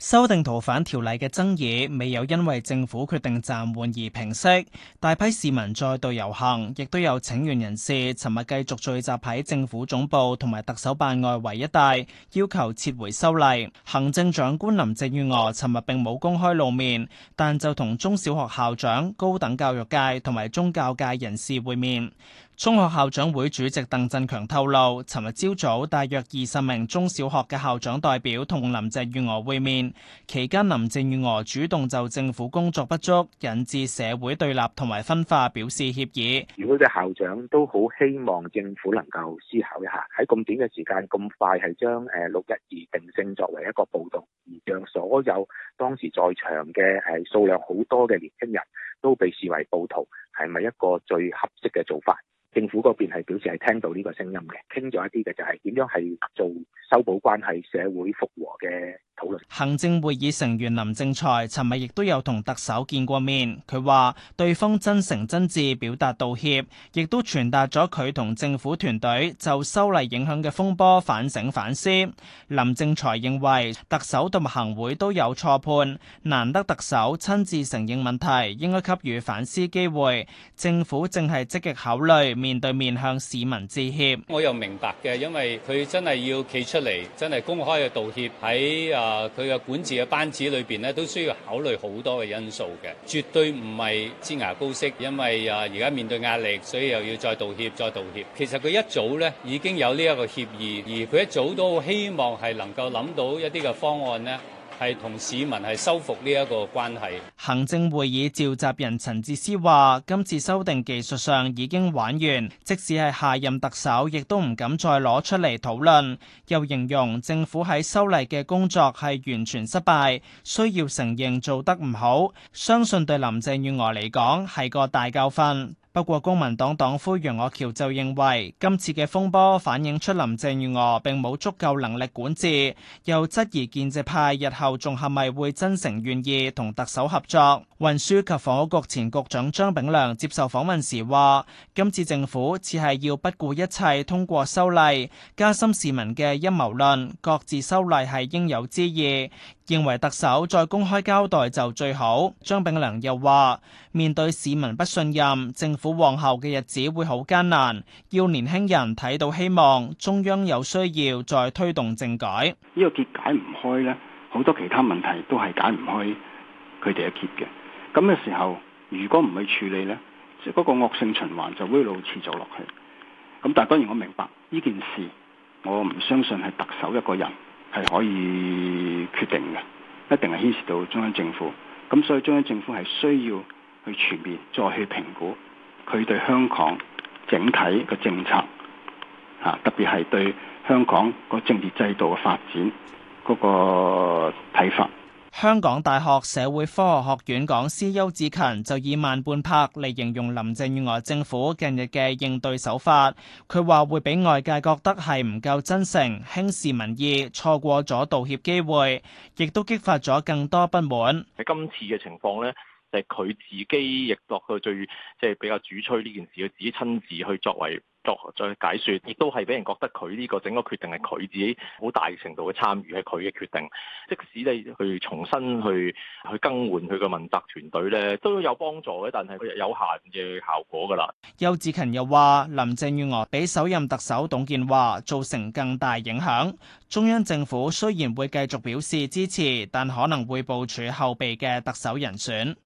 修訂逃犯條例嘅爭議未有因為政府決定暫緩而平息，大批市民再度遊行，亦都有請願人士尋日繼續聚集喺政府總部同埋特首辦外圍一帶，要求撤回修例。行政長官林鄭月娥尋日並冇公開露面，但就同中小學校長、高等教育界同埋宗教界人士會面。中學校長會主席鄧振強透露，尋日朝早大約二十名中小學嘅校長代表同林鄭月娥會面，期間林鄭月娥主動就政府工作不足引致社會對立同埋分化表示歉意。如果嘅校長都好希望政府能夠思考一下，喺咁短嘅時間咁快係將誒六一二定性作為一個暴動，而讓所有當時在場嘅係數量好多嘅年輕人，都被視為暴徒，係咪一個最合適嘅做法？政府嗰邊係表示係聽到呢個聲音嘅，傾咗一啲嘅就係點樣係做修補關係、社會復和嘅。行政會議成員林正財尋日亦都有同特首見過面，佢話對方真誠真摯表達道歉，亦都傳達咗佢同政府團隊就修例影響嘅風波反省反思。林正財認為特首同行會都有錯判，難得特首親自承認問題，應該給予反思機會。政府正係積極考慮面對面向市民致歉。我又明白嘅，因為佢真係要企出嚟，真係公開嘅道歉喺啊！佢嘅管治嘅班子裏邊咧，都需要考慮好多嘅因素嘅，絕對唔係擠牙膏式。因為啊，而家面對壓力，所以又要再道歉，再道歉。其實佢一早咧已經有呢一個協議，而佢一早都希望係能夠諗到一啲嘅方案咧。係同市民係修復呢一個關係。行政會議召集人陳智思話：今次修訂技術上已經玩完，即使係下任特首，亦都唔敢再攞出嚟討論。又形容政府喺修例嘅工作係完全失敗，需要承認做得唔好，相信對林鄭月娥嚟講係個大教訓。不過公民黨黨魁楊岳橋就認為，今次嘅風波反映出林鄭月娥並冇足夠能力管治，又質疑建制派日後仲係咪會真誠願意同特首合作。運輸及房屋局前局長張炳良接受訪問時話，今次政府似係要不顧一切通過修例，加深市民嘅陰謀論，各自修例係應有之義。認為特首再公開交代就最好。張炳良又話，面對市民不信任，政府，往後嘅日子會好艱難，要年輕人睇到希望。中央有需要再推動政改，呢個結解唔開咧，好多其他問題都係解唔開佢哋嘅結嘅。咁嘅時候，如果唔去處理咧，嗰個惡性循環就會一路持續落去。咁但係當然我明白呢件事，我唔相信係特首一個人係可以決定嘅，一定係牽涉到中央政府。咁所以中央政府係需要去全面再去評估。佢對香港整體嘅政策嚇，特別係對香港個政治制度嘅發展嗰、那個睇法。香港大學社會科學學院講師邱志勤就以慢半拍嚟形容林鄭月娥政府近日嘅應對手法。佢話會俾外界覺得係唔夠真誠，輕視民意，錯過咗道歉機會，亦都激發咗更多不滿。喺今次嘅情況呢。就係佢自己亦作佢最即係比較主催呢件事，佢自己親自去作為作再解說，亦都係俾人覺得佢呢個整個決定係佢自己好大程度嘅參與，係佢嘅決定。即使你去重新去去更換佢嘅問責團隊咧，都有幫助嘅，但係佢有限嘅效果㗎啦。邱志勤又話林鄭月娥俾首任特首董建華造成更大影響，中央政府雖然會繼續表示支持，但可能會部署後備嘅特首人選。